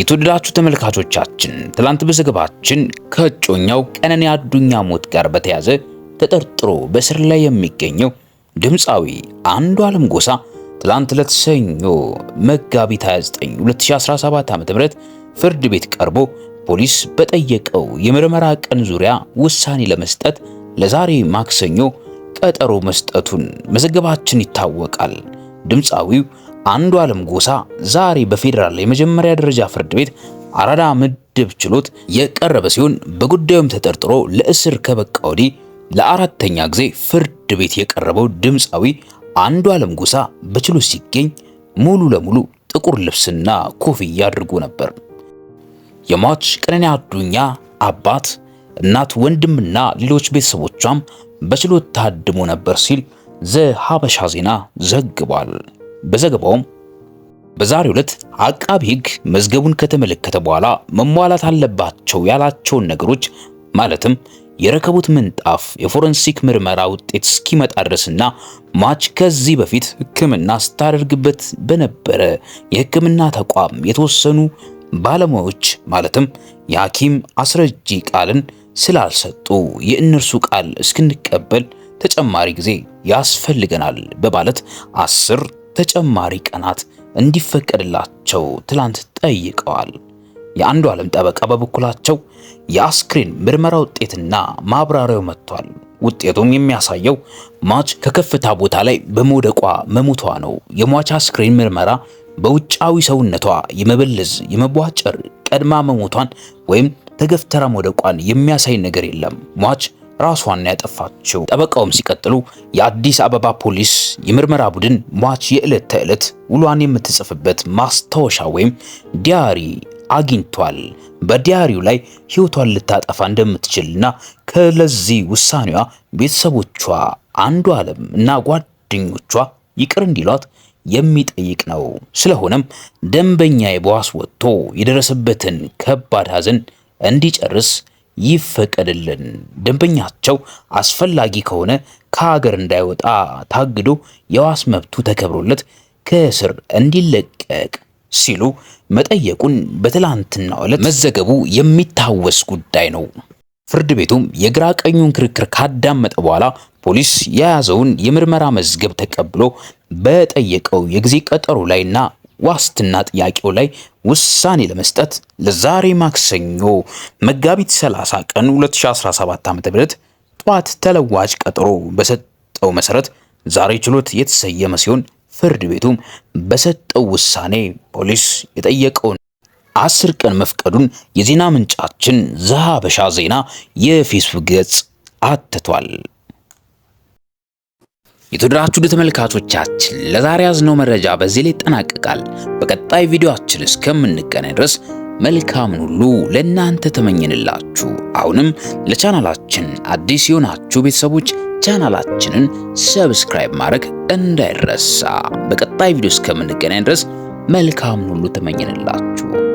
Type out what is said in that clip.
የተወደዳችሁ ተመልካቾቻችን ትላንት በዘገባችን ከእጮኛው ቀነኒ አዱኛ ሞት ጋር በተያዘ ተጠርጥሮ በስር ላይ የሚገኘው ድምፃዊ አንዱዓለም ጎሳ ትላንት ለተሰኞ መጋቢት 29 2017 ዓ.ም ፍርድ ቤት ቀርቦ ፖሊስ በጠየቀው የምርመራ ቀን ዙሪያ ውሳኔ ለመስጠት ለዛሬ ማክሰኞ ቀጠሮ መስጠቱን መዘገባችን ይታወቃል። ድምፃዊው አንዱ ዓለም ጎሳ ዛሬ በፌዴራል የመጀመሪያ ደረጃ ፍርድ ቤት አራዳ ምድብ ችሎት የቀረበ ሲሆን በጉዳዩም ተጠርጥሮ ለእስር ከበቃ ወዲህ ለአራተኛ ጊዜ ፍርድ ቤት የቀረበው ድምፃዊ አንዱ ዓለም ጎሳ በችሎት ሲገኝ ሙሉ ለሙሉ ጥቁር ልብስና ኮፍያ አድርጎ ነበር። የሟች ቀነኒ አዱኛ አባት፣ እናት፣ ወንድምና ሌሎች ቤተሰቦቿም በችሎት ታድሞ ነበር ሲል ሀበሻ ዜና ዘግቧል። በዘገባውም በዛሬው ዕለት አቃቢ ሕግ መዝገቡን ከተመለከተ በኋላ መሟላት አለባቸው ያላቸውን ነገሮች ማለትም የረከቡት ምንጣፍ የፎረንሲክ ምርመራ ውጤት እስኪመጣ ድረስና ማች ከዚህ በፊት ሕክምና ስታደርግበት በነበረ የሕክምና ተቋም የተወሰኑ ባለሙያዎች ማለትም የሐኪም አስረጂ ቃልን ስላልሰጡ የእነርሱ ቃል እስክንቀበል ተጨማሪ ጊዜ ያስፈልገናል በማለት አስር ተጨማሪ ቀናት እንዲፈቀድላቸው ትላንት ጠይቀዋል። የአንዱ ዓለም ጠበቃ በበኩላቸው የአስክሬን ምርመራ ውጤትና ማብራሪያው መጥቷል። ውጤቱም የሚያሳየው ማች ከከፍታ ቦታ ላይ በመውደቋ መሞቷ ነው። የሟች አስክሬን ምርመራ በውጫዊ ሰውነቷ የመበለዝ የመቧጨር ቀድማ መሞቷን ወይም ተገፍተራ መውደቋን የሚያሳይ ነገር የለም። ሟች ራሷን ያጠፋችው። ጠበቃውም ሲቀጥሉ የአዲስ አበባ ፖሊስ የምርመራ ቡድን ሟች የዕለት ተዕለት ውሏን የምትጽፍበት ማስታወሻ ወይም ዲያሪ አግኝቷል። በዲያሪው ላይ ህይወቷን ልታጠፋ እንደምትችልና ከለዚህ ውሳኔዋ ቤተሰቦቿ አንዱ ዓለም እና ጓደኞቿ ይቅር እንዲሏት የሚጠይቅ ነው። ስለሆነም ደንበኛ በዋስ ወጥቶ የደረሰበትን ከባድ ሐዘን እንዲጨርስ ይፈቀድልን። ደንበኛቸው አስፈላጊ ከሆነ ከሀገር እንዳይወጣ ታግዶ የዋስ መብቱ ተከብሮለት ከእስር እንዲለቀቅ ሲሉ መጠየቁን በትላንትናው ዕለት መዘገቡ የሚታወስ ጉዳይ ነው። ፍርድ ቤቱም የግራ ቀኙን ክርክር ካዳመጠ በኋላ ፖሊስ የያዘውን የምርመራ መዝገብ ተቀብሎ በጠየቀው የጊዜ ቀጠሮ ላይና ዋስትና ጥያቄው ላይ ውሳኔ ለመስጠት ለዛሬ ማክሰኞ መጋቢት 30 ቀን 2017 ዓ.ም ጠዋት ተለዋጭ ቀጠሮ በሰጠው መሰረት ዛሬ ችሎት የተሰየመ ሲሆን ፍርድ ቤቱም በሰጠው ውሳኔ ፖሊስ የጠየቀውን አስር ቀን መፍቀዱን የዜና ምንጫችን ዘሃበሻ ዜና የፌስቡክ ገጽ አትቷል። የተወደዳችሁ ተመልካቾቻችን ለዛሬ ያዝነው መረጃ በዚህ ላይ ይጠናቀቃል። በቀጣይ ቪዲዮአችን እስከምንገናኝ ድረስ መልካምን ሁሉ ለእናንተ ተመኝንላችሁ። አሁንም ለቻናላችን አዲስ የሆናችሁ ቤተሰቦች ቻናላችንን ሰብስክራይብ ማድረግ እንዳይረሳ። በቀጣይ ቪዲዮ እስከምንገናኝ ድረስ መልካምን ሁሉ ተመኝንላችሁ።